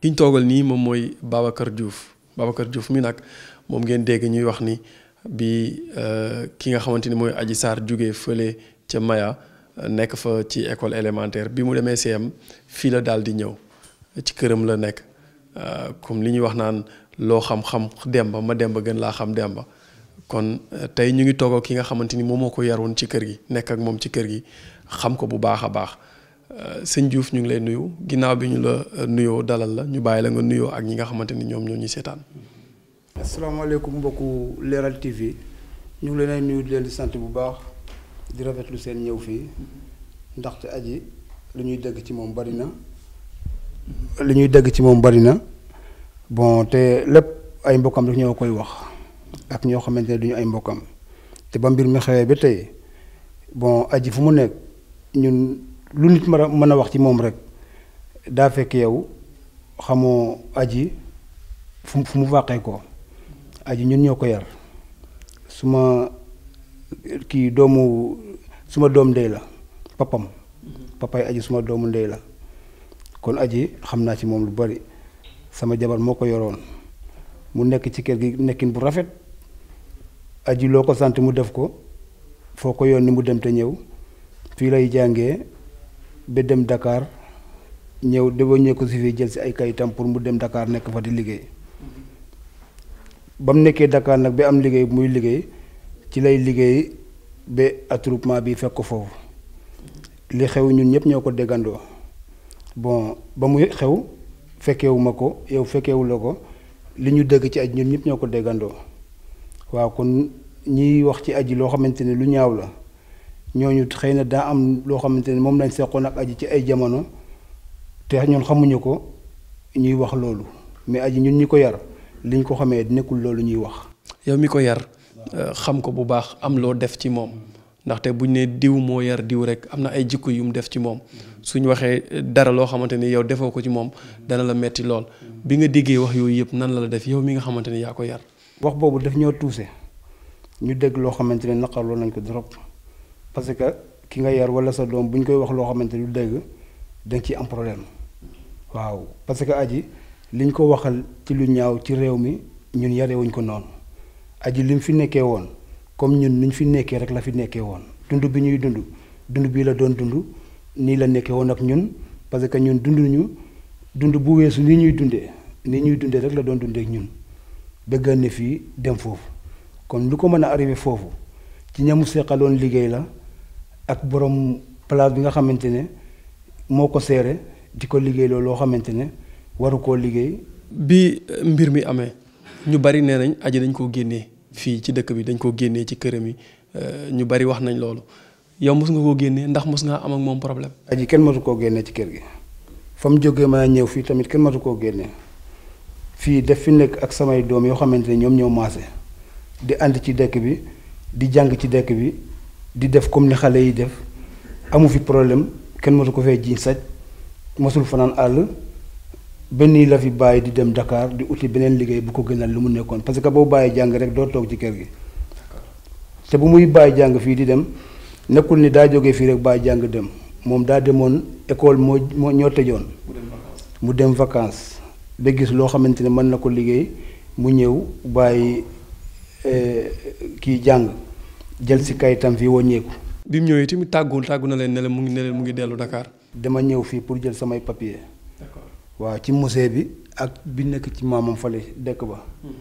kiñ ñu toogal nii moom mooy Babacar Diouf Babacar Diouf mi nag moom ngeen dégg ñuy wax ni bi euh, ki nga xamante ni mooy aji saar jóge fële ca Maya euh, nekk fa ci école élémentaire bi mu demee CM fii la daal di ñëw ci këram la nekk euh, comme li ñuy wax naan loo xam-xam demba ma demba gën laa xam demba kon euh, tey ñu ngi toog ki nga xamante ni moom moo ko yar ci kër gi nekk ak moom ci kër gi xam ko bu baax a baax euh, sëñ Diouf ñu ngi lay nuyu ginnaaw bi ñu la euh, nuyoo dalal la ñu bàyyi la nga nuyoo ak ñi nga xamante ni ñoom ñoo ñuy seetaan. asalaamaaleykum mbokku Leral TV ñu ngi leen nuyu di leen di sant bu baax di rafetlu seen ñëw fii ndaxte aji li ñuy dégg ci moom bari na li ñuy dégg ci moom bari na bon te lépp ay mbokkam rek ñoo koy wax. ak ñoo xamante ne du ñu ay mbokkam te ba mbir mi xewee ba tey bon aji fu mu nekk ñun lu nit mën a mën a wax ci moom rek daa fekk yow xamoo aji fu fu mu wàqee ko aji ñun ñoo ko yar suma kii doomu suma doom ndey la papam papay aji suma doomu ndey la kon aji xam naa ci moom lu bari sama jabar moo ko yoroon mu nekk ci kër gi nekkin bu rafet aji loo ko sant mu def ko foo ko ni mu dem te ñëw fii lay jàngee ba dem dakaar ñëw déboo ko si fii jël si ay kayitam pour mu dem dakaar nekk fa di liggéey ba mu nekkee dakaar nag bi am liggéey muy liggéey ci lay liggéey ba attroupement bi fekk ko foofu li xew ñun ñëpp ñoo ko déggandoo bon ba muy xew fekkewuma ko yow fekkewuloo ko li ñu dëgg ci aj ñun ñëpp ñoo ko déggandoo waaw kon ñiy wax ci aji loo xamante ne lu ñaaw la ñooñu xëy na daa am loo xamante ne moom lañ seqoon ak aji ci ay jamono te ñun xamuñu ko ñuy wax loolu mais aji ñun ñi ko yar liñ ko xamee nekkul loolu ñuy wax. yow mi ko yar euh, xam ko bu baax am loo def ci moom ndaxte buñ ne diw moo yar diw rek am na ay jikko yu def ci moom suñ waxee dara loo xamante ni yow defoo ko ci moom dana la metti lool bi nga déggee wax yooyu yëpp nan la la def yow mi nga xamante ni yaa ko yar. wax boobu daf ñoo tuuse ñu dégg loo xamante ne naqarloo nañ ko trop parce que ki nga yar wala sa doom bu ñu koy wax loo xamante ne du dégg da nga am problème waaw parce que aji liñ ko waxal ci lu ñaaw ci réew mi ñun yarewuñ ko noonu aji li mu fi nekkee woon comme ñun ni ñu fi nekkee rek la fi nekkee woon dund bi ñuy dund dund bii la doon dund nii la nekkee woon ak ñun parce que ñun dund ñu dund bu weesu ni ñuy dundee ni ñuy dundee rek la doon dundee ñun. bëggan ne fii dem foofu kon lu ko mën a arriver foofu ci ñamu seqaloon liggéey la ak borom place bi nga xamante ne moo ko seere di ko liggéey loolu loo xamante ne waru koo liggéey bi eh, mbir mi amee ñu bari nee nañ aji dañ koo génnee fii ci dëkk bi dañ koo génnee ci këram yi eh, ñu bari wax nañ loolu yow mos nga koo génnee ndax mos ngaa am moom problème aji kenn matu koo génnee ci kër gi fa mu jógee mën a ñëw fii tamit kenn matu koo génnee fii def fi nekk ak samay doom yoo xamante ne ñoom ñoo maase di ànd ci dëkk bi di jàng ci dëkk bi di def comme ni xale yi def amu fi problème kenn mosu ko fee jiñ saj mosul fanaan àll benn la fi bàyyi di dem ndakaar di uti beneen liggéey bu ko gënal lu mu nekkoon parce que boo bàyyi jàng rek doo toog ci kër gi te bu muy bàyyi jàng fii di dem nekkul ni daa jóge fii rek bàyyi jàng dem moom daa demoon école moo moo ñoo tëjoon mu dem vacances da gis loo xamante ne mën na ko liggéey mu ñëw bàyyi eh, kii jàng jël si kayitam fii wàññeeku. bi mu ñëwee tamit tàggul tàggu na leen ne mu ngi ne mu ngi dellu dakaar dama ñëw fii pour jël samay papier. waaw ci musée bi ak bi nekk ci maamam fale dëkk ba. Hmm.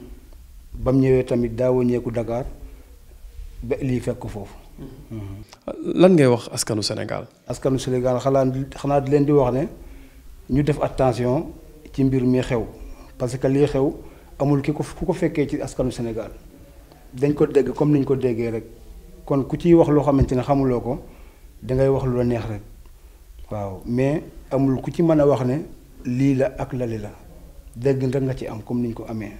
bam ñëwee tamit daa waññeeku Dakar ba lii fekk foofu. Hmm. Hmm. lan ngay wax askanu senegal askanu Sénégal xalaat xanaa leen di wax ne ñu def attention. ci mbir mi xew parce que lii xew amul ki ko ku ko fekkee ci askanu senegal dañ ko dégg comme niñ ko déggee rek kon ku ciy wax loo xamante ne xamuloo ko dangay wax lu la neex rek waaw mais amul ku ci mën a wax ne lii la ak lali la dégg rek nga ci am comme niñ ko amee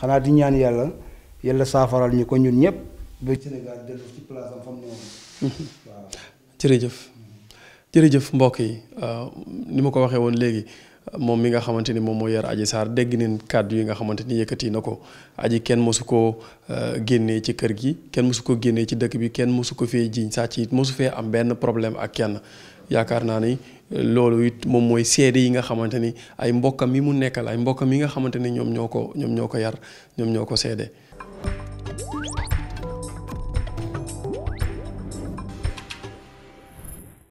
xanaa di ñaan yàlla yàlla saafaral ñu ko ñun ñëpp ba Sénégal jërëjëf jërëjëf mbokk yi ah, ni ma ko waxee woon léegi moom mi nga xamante ni moom mooy yar Adji Sarr dégg neen kàddu yi nga xamante ni yëkkati na ko aji kenn mosu ko euh, génne ci kër gi kenn mosu ko génne ci dëkk bi kenn mosu ko fee jiiñ sàcc it mosu fee am benn problème ak kenn yaakaar naa ni euh, loolu it moom mooy seede yi nga xamante ni ay mbokkam yi mu nekkal ay mbokkam yi nga xamante ni ñoom ñoo ko ñoom ñoo ko yar ñoom ñoo ko seede